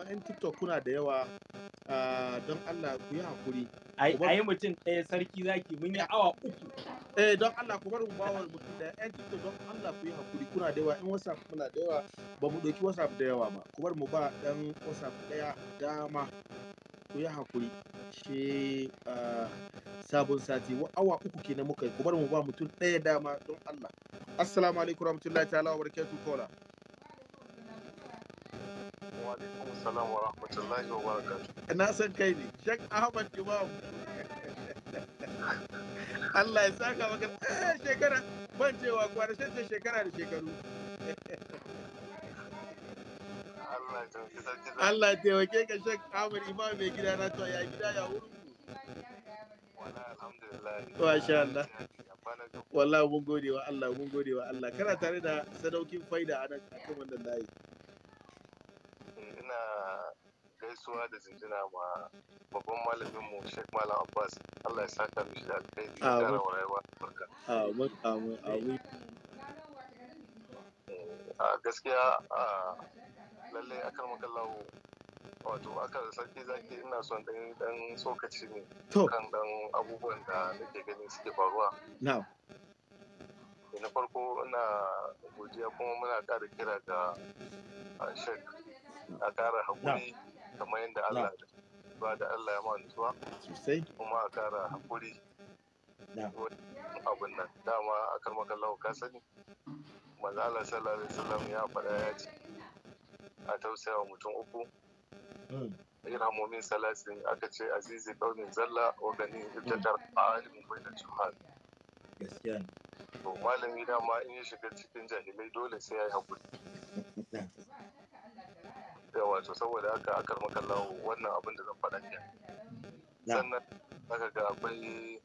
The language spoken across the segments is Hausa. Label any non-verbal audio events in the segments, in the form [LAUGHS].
kuma 'yan tiktok kuna da yawa don allah ku yi hakuri a yi mutum ɗaya sarki zaki mun yi awa uku eh don allah ku bar bawar mutum da 'yan tiktok don allah ku yi hakuri kuna da yawa in whatsapp kuna da yawa ba mu ɗauki whatsapp da yawa ba ku bar mu ba ɗan whatsapp ɗaya dama ku yi hakuri shi sabon sati awa uku kenan muka yi ku bar mu ba mutum ɗaya dama don allah assalamu alaikum warahmatullahi ta'ala wa barakatuh kola Wa salam wa rahmatullahi wa Na san kai ne, Sheikh Ahmad Allah ya saka maka eh, shekara ban cewa kwanashin ce shekara da shekaru. Allah ya taimake ka Sheikh Ahmad Imam mai gida na to ya gida ya wuri. sha Allah. Wallahi mun gode wa Allah mun gode wa Allah kana tare da sadaukin faida a nan kan wannan layi. ina gaisuwa da jinjina ma babban malamin mu Sheikh Malam Abbas Allah ya saka mishi da alkhairi ya kara wa rayuwa barka amin amin amin eh, a gaskiya a lalle akan makallahu wato aka sarki zaki ina son dan dan tsokaci ne kan dan abubuwan da nake ganin suke faruwa na'am eh, na farko ina godiya kuma muna ƙara kira ga shek a ƙara haƙuri kamar yadda Allah ba da Allah ya mantuwa sosai kuma a ƙara haƙuri abin nan dama a karmakan lau ka sani manzo Allah sallallahu alaihi wasallam ya faɗa ya ce a tausayawa mutum uku yana mm. mumin salasin aka ce azizi kaunin zalla wa gani ibtatar mm. alimin bai da juhal to malami dama in ya shiga cikin jahilai dole sai ya yi haƙuri [LAUGHS] gawa wato saboda haka akar makallawo wannan abin da zan faɗa ke sannan zaka ga akwai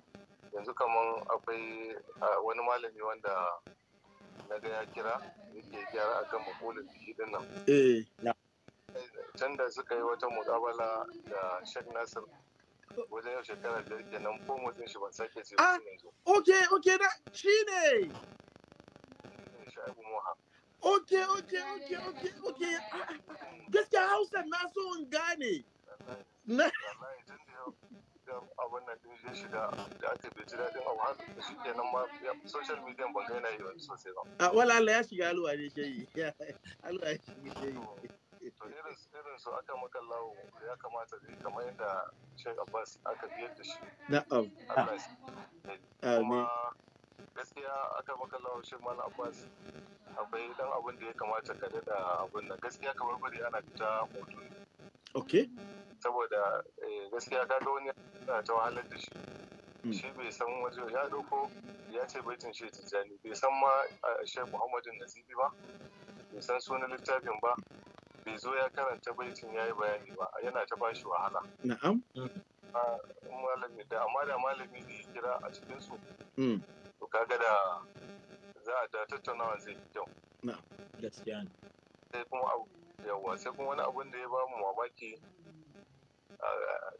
yanzu kaman akwai wani malami wanda na ga ya kira yake gyara kan makolin biki din nan eh, can da suka yi wata muƙabala da Sheikh Nasir wajen yau shekara biyar kenan ko motsin shi ban sake ce ah, yanzu. Ok, ok, shi ne. Shaibu Moha. ok ok ok ok ok ah, ah, ah. gaskiya hausa na gane na aka A wala ya shiga alwa ne shayi. [LAUGHS] Alwa ya shiga To irin su aka ya kamata kamar yadda Abbas aka biyar da shi. Amin. gaskiya aka Malam akwai dan abin da ya kamata ka daɗa abin nan gaskiya kamar bari ana fita hoto ok saboda eh, gaskiya ka ga wani yana ta wahalar da shi hmm. shi bai san waje ya doko ya ce baitin shi tijjani bai san ma shek muhammadu nazibi ba bai san sunan littafin ba bai zo ya karanta baitin ya yi bayani ba yana ta bashi wahala na'am ah, malami da amma da malami ne ya kira a cikinsu hmm. to kaga da za a tattaunawa zai yi kyau na gaskiya ne sai kuma abu yawwa sai kuma wani abun da ya ba mu mamaki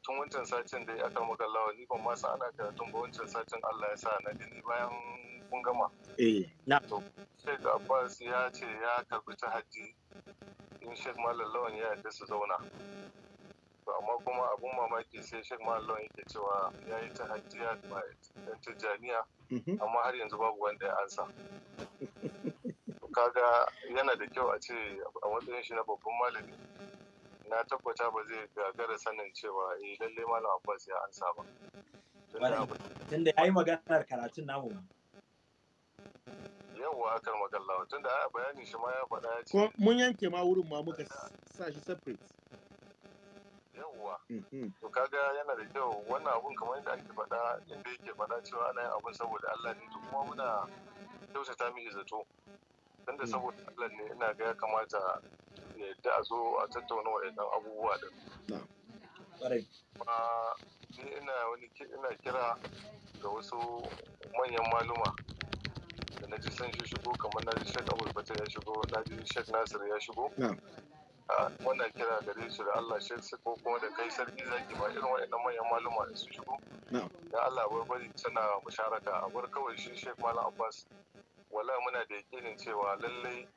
tun wancan satin da ya aka maka lawa ni ban ma san ana karatun ba wancan satin Allah ya sa na gani bayan kun gama eh na to sai Abbas ya ce ya karbi ta haji in Sheikh Malam Lawan ya yarda su zauna to amma kuma abun mamaki sai shek mallon yake cewa ya yi ta hajjiya ba yan tijjaniya mhm. amma har yanzu babu wanda ya ansa kaga yana da kyau a ce a matsayin shi na babban malami na tabbata ba zai gagara sanin cewa eh lalle malam abbas ya ansa ba tunda ya yi maganar karatun namu yawwa akar magallawa da a bayani shi ma ya faɗa ya ce mun yanke ma wurin ma muka sa shi separate yawwa mm-hmm. to kaga yana da kyau wannan abun kamar yadda ake faɗa inda yake faɗa cewa ana yin abun saboda Allah ne to kuma muna kyautata miki zato dan da mm. saboda Allah ne ina ga ya kamata ya yadda a zo a tattauna waɗannan abubuwa din kuma ni ina kira ga wasu manyan maluma da na ji san shi shigo kamar na ji shek abul ya shigo na ji shek nasir ya shigo wannan kira gare su da Allah shi ko kuma da kai sarki zaki ba irin waɗannan manyan maluma da su shigo da Allah bari tana musharaka a bar kawai shi Sheikh Malam Abbas wala muna da yakinin cewa lallai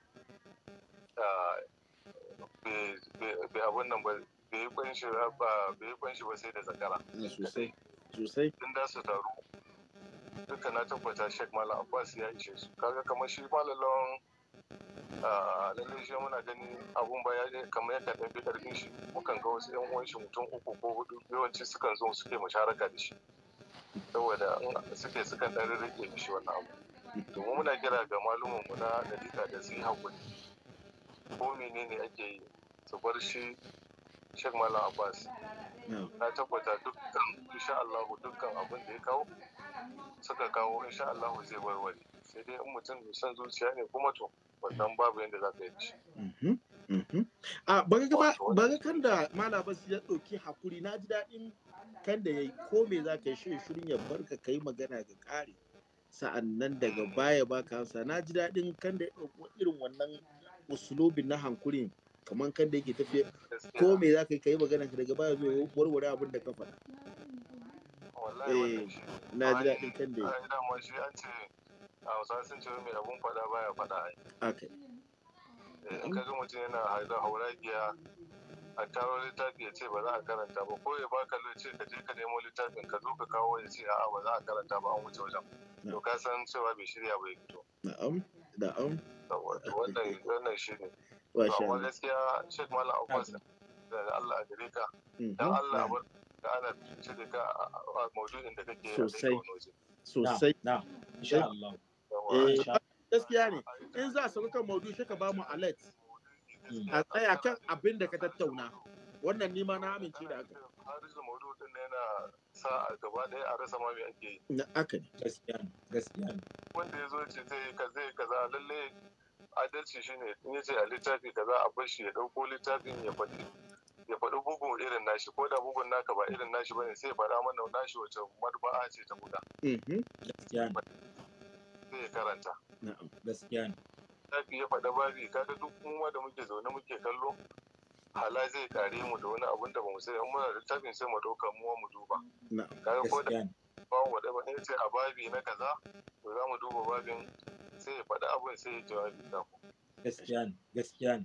bai abun nan ba bai yi kunshi ba bai yi kunshi ba sai da zakara sosai sosai tun da su taru duka na tabbata Sheikh Malam Abbas ya ishe su kaga kamar shi Malam Lawan lallai shi muna ganin abun baya kamar yadda ɗan bi ƙarfin shi mukan ga wasu 'yan uwan shi mutum uku ko hudu yawanci sukan zo suke musharaka da shi saboda suke sukan ɗan rike mishi wannan abu domin muna kira ga malumin mu na dalika da su yi hakuri ko menene ake yi su bar shi Sheikh Malam Abbas. Na tabbata dukkan insha Allah dukkan abin da ya kawo suka kawo insha Allah zai warware. Sai dai in mutum son zuciya ne kuma to wannan babu yadda za ka yi ci. Mm-hmm, mm-hmm. ba bari kan da malabas ya ɗauki hakuri na ji daɗin kan da ya yi ko me za ka yi shirin shirin ya barka ka yi magana ga ƙari sa'an nan daga baya ba ka hansa na ji daɗin kan da ya ɗauki irin wannan usulobin na hankulin kamar kan da yake tafiya ko me za ka yi ka yi magana daga baya zai warware abin da ka faɗa. Eh, na ji daɗin kan da ya yi. hausa sun ce mai abun faɗa baya faɗa eh, in ka mutum yana haura hauragiya a taro littafi ya ce ba za a karanta ba ko ya baka ce ka je ka nemo littafin ka zo ka kawo ya ce a'a ba za a karanta ba an wuce wajen to ka san cewa bai shirya ba ya fito na'am na'am wannan wannan shine amma gaskiya Sheikh Malam Abbas da Allah a gare ka mhm, dan Allah bar ka ana fice da ka a maudu'in da kake sosai sosai na insha Allah Eh, gaskiya ne in za su kan maudu shi ka ba mu alert hmm. a tsaya kan abin da ka tattauna wannan nima na amince da haka harisa maudu din yana sa a gaba ɗaya a rasa ma me ake yi na aka gaskiya ne gaskiya ne wanda ya zo ce zai ka zai kaza lalle adalci shine in ya ce a littafi kaza a bar shi ya ɗauko littafin ya faɗi ya faɗi bugun irin nashi ko da bugun naka ba irin nashi ba ne, sai ya faɗa mana nashi wacce maduba'a ce ta mm-hmm. Gaskiya ne. zai karanta. gaskiya ne. Tafi ya faɗa babi, kaga duk kuma da muke zaune muke kallo, hala zai kare mu da wani abun da ba mu sani, muna da littafin sai mu ɗauka muwa mu duba. ko da ne. Bawon waɗa ba sai a babi na kaza, to za mu duba babin sai ya faɗi abin sai ya jawabi da ku. Gaskiya ne, gaskiya ne.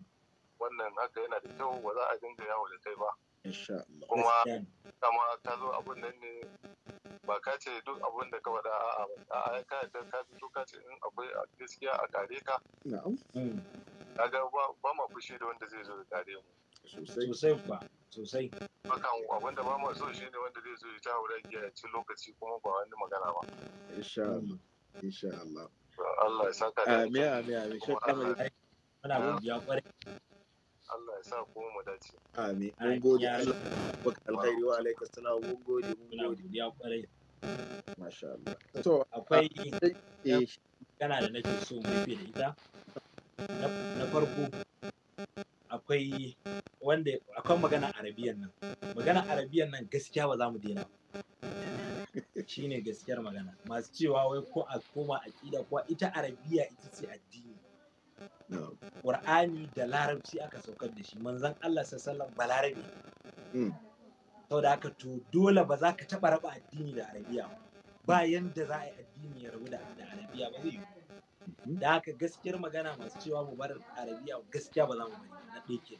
Wannan haka yana da kyau ba za a dinga yawo da kai ba. Insha Allah. Kuma kama ka zo abun nan ne ba ka ce duk abin da ka faɗa a'a ba a'a ka yadda ka fito ka ce in akwai gaskiya a kare ka hmm. kaga ba ma fushi da wanda zai zo da kare mu sosai ba sosai bakan abin da ba ma so shi ne wanda zai zo ya ta wuri ya ci lokaci kuma ba wani magana ba insha Allah hmm. insha Allah Allah ya saka da amin amin amin shakka mai muna godiya kwarai sa kuma mu dace amin mun gode Allah alkhairi wa salam mun gode mun gode ya kware masha Allah to akwai kana eh, eh. da nake so mu fi da ita na farko akwai wanda akwai magana arabiyan nan magana arabiyan nan gaskiya ba za mu daina shine gaskiyar magana masu cewa wai ko a koma aƙida ko ita arabiya ita ce addini Qur'ani da larabci aka saukar da shi manzon Allah sallallahu alaihi balarabe hmm. sau da haka to dole ba za ka taɓa raba addini da arabiya ba yanda za a yi addini ya rabu da arabiya ba zai hmm. da haka gaskiyar magana masu cewa mu bar arabiya gaskiya ba za mu bari na ɗaya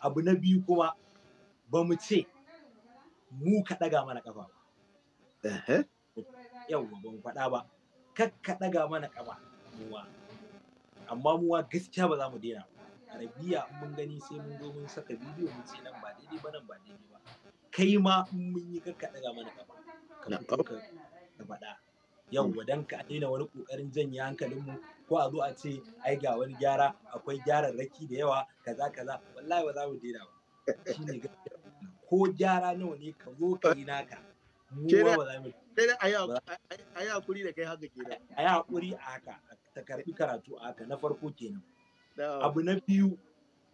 abu na biyu kuma ba mu ce mu ka ɗaga mana ƙafa ba yawwa ba mu faɗa ba kakka ka ɗaga mana ƙafa muwa amma mu wa gaskiya ba za mu daina arabiya in mun gani sai mun zo mun saka bidiyo mun ce nan ba daidai ba nan ba daidai ba kai ma in mun yi kakka daga mana gaba ka fito ka faɗa Yau, wadan ka daina wani kokarin janye mu ko a zo a ce ai ga wani gyara akwai gyaran raki da yawa kaza kaza wallahi ba za mu daina ba shine ko gyara nawa ne ka zo ka yi naka mu ba za mu a yi hakuri da kai haka kenan a yi hakuri a haka ta karbi karatu a haka na farko kenan abu na biyu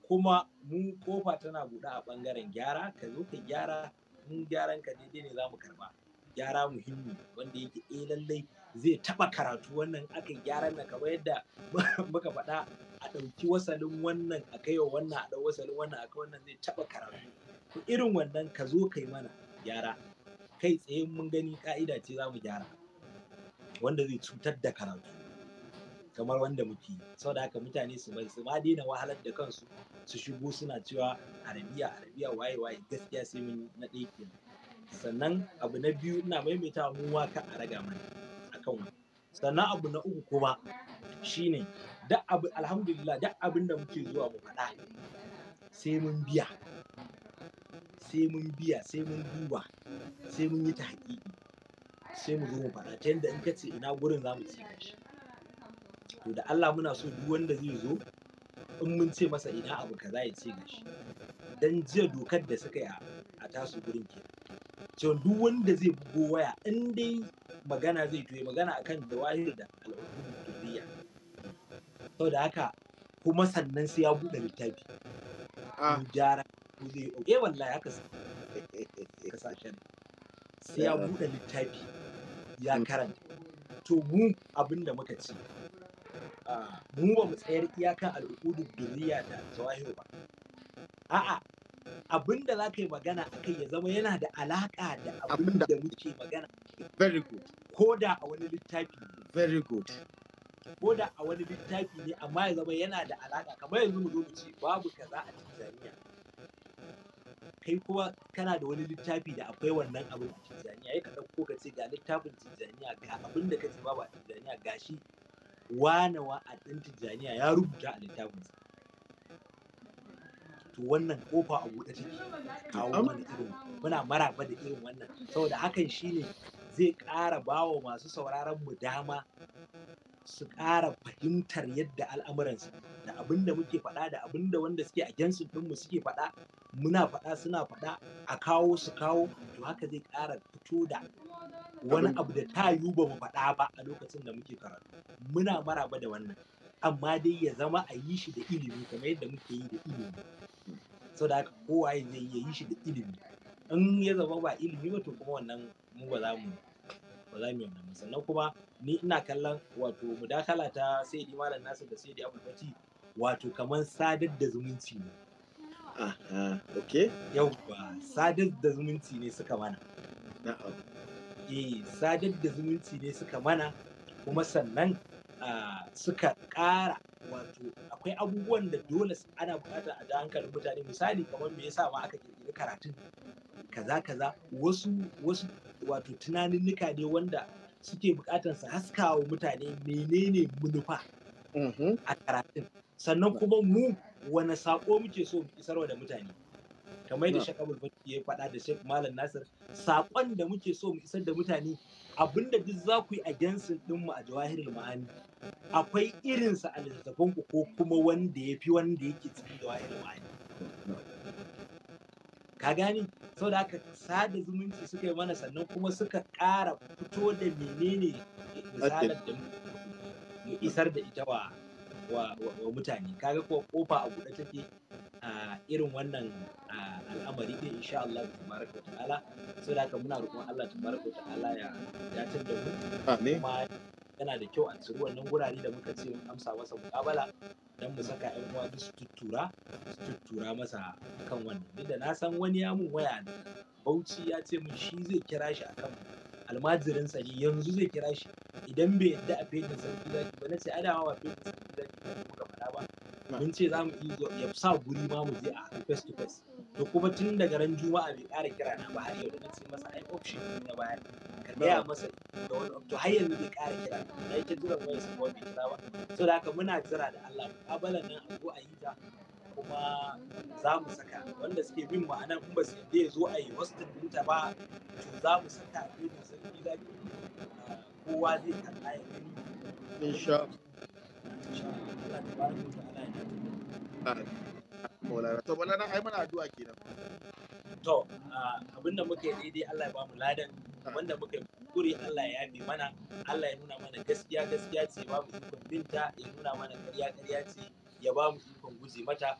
kuma mu kofa tana buɗe a ɓangaren gyara ka zo ka gyara mun gyaran ka daidai ne za mu karba gyara muhimmi wanda yake eh lallai zai taɓa karatu wannan aka gyaran na Kama yadda [LAUGHS] muka faɗa a ɗauki wasalin wannan a kai wannan a ɗau wasalin wannan a kai wannan zai taɓa karatu to irin wannan ka zo kai mana gyara kai tsaye mun gani ka'ida ce za mu gyara wanda zai cutar da karatu kamar wanda muke saboda haka mutane su bai su ma daina wahalar da kansu su shigo suna cewa arabiya arabiya waye waye gaskiya sai mun na ɗaya sannan abu na biyu ina maimaita mu waka a raga mana akan wani sannan abu na uku kuma shine duk abu alhamdulillah duk abin da muke zuwa mu faɗa sai mun biya sai mun biya sai mun duba sai mun yi ta sai mu zo mu faɗa ta yadda in ka ce ina gurin za mu ci shi to da Allah muna so duk wanda zai zo in mun ce masa ina abu kaza ya ce gashi dan jiya dokar da suka yi a tasu gurin ke to duk wanda zai bugo waya in dai magana zai tuye magana akan jawahir da al'ummar duniya saboda haka kuma sannan sai ya bude littafi ah. gyara ko zai oke eh, wallahi haka [LAUGHS] kasashen sai ya bude littafi ya mm. karanta to mu abin da muka ce mu ba mu tsayar iyakan al'ukudu duniya da zawahir ba a'a abin da za ka yi magana a kai ya zama yana da alaka da abin da muke magana very good ko da a wani littafi very good ko da a wani littafi ne amma ya zama yana da alaka kamar yanzu mu zo mu ce babu kaza a tijaniya kai kuma kana da wani littafi da akwai wannan abin a tijaniya ya ka ɗauko ka ce ga littafin tijaniya ga abin da ka ce babu a tijaniya gashi wane wa a ɗan tijjaniya ya rubuta a littafinsa to wannan kofa a buɗe take kawo mana irin muna maraba da irin wannan saboda hakan shine zai ƙara bawa masu sauraron mu dama su ƙara fahimtar yadda al'amuransu da abin da muke faɗa da abin da wanda suke a jansu ɗinmu suke faɗa muna faɗa suna faɗa a kawo su kawo to haka zai ƙara fito da wani abu da ta yiwu ba mu faɗa ba a lokacin da muke karatu muna maraba da wannan amma dai ya zama a yi shi da ilimi kamar yadda muke yi da ilimi sau da haka kowa zai yi shi da ilimi in ya zama ba ilimi ba to kuma wannan mu ba za mu ba za mu yi wannan sannan kuma ni ina kallon wato mudakala ta sai di malam nasir da sai di abubakar wato kamar sadar da zumunci ne aha yauwa sadar da zumunci ne suka mana eh sadar da zumunci ne suka mana kuma sannan suka ƙara wato akwai abubuwan da dole ana buƙatar a da hankalin mutane misali kamar me yasa ma aka kirkiri karatun kaza kaza wasu wasu wato tunaninnika ne wanda suke buƙatar su haskawa mutane menene manufa mm-hmm. a karatun sannan kuma mu wane saƙo muke so mu isarwa da mutane kamar da shakabul ya faɗa da shek malam nasir saƙon da muke so mu isar da mutane abinda duk za ku yi a gensin ɗinmu a jawahirul ma'ani akwai irinsa a littattafan ku ko kuma wanda ya fi wanda yake cikin jawahirul ma'ani ka gani saboda haka sada zumunci suka yi mana sannan kuma suka ƙara fito da menene misalar da isar da ita wa wa mutane kaga ko kofa a buɗe take a irin wannan al'amari din insha Allah tabaraka wa ta'ala sai da muna roƙon Allah tabaraka wa ta'ala ya datar da mu kuma yana da kyau a tsuru wannan gurare da muka ce mun amsa masa muƙabala dan mu saka ƴan uwa su tuttura su tuttura masa kan wannan duk da na san wani ya mun waya Bauchi ya ce mun shi zai kira shi akan almajirin sa ne yanzu zai kira shi idan bai yadda a fetin sarki zaki ba na ce adawa ba fetin sarki zaki ba ka faɗa ba mun ce za mu iya ya sa guri ma mu je a face to face to kuma tun daga ran juma'a bai ƙara kira na ba har yau na ce masa ai option na bayar ka gaya masa da wani to har yanzu bai ƙara kira na yake jiran wani su bai kira ba saboda haka muna jira da Allah mu mukabalan nan a zo a yi ta kuma za mu saka wanda suke bin ma'ana in ba su yadda ya zo a yi wasu ɗinta ba to za mu saka ne da sarki zaki kowa zai kalla ya gani insha Allah to bala na ai mana addu'a kenan to abinda muka yi daidai Allah ya ba mu ladan wanda muka yi kuri Allah ya yabe mana Allah ya nuna mana gaskiya gaskiya ce ba mu ikon binta ya nuna mana ƙarya ƙarya ce ya ba mu ikon guje mata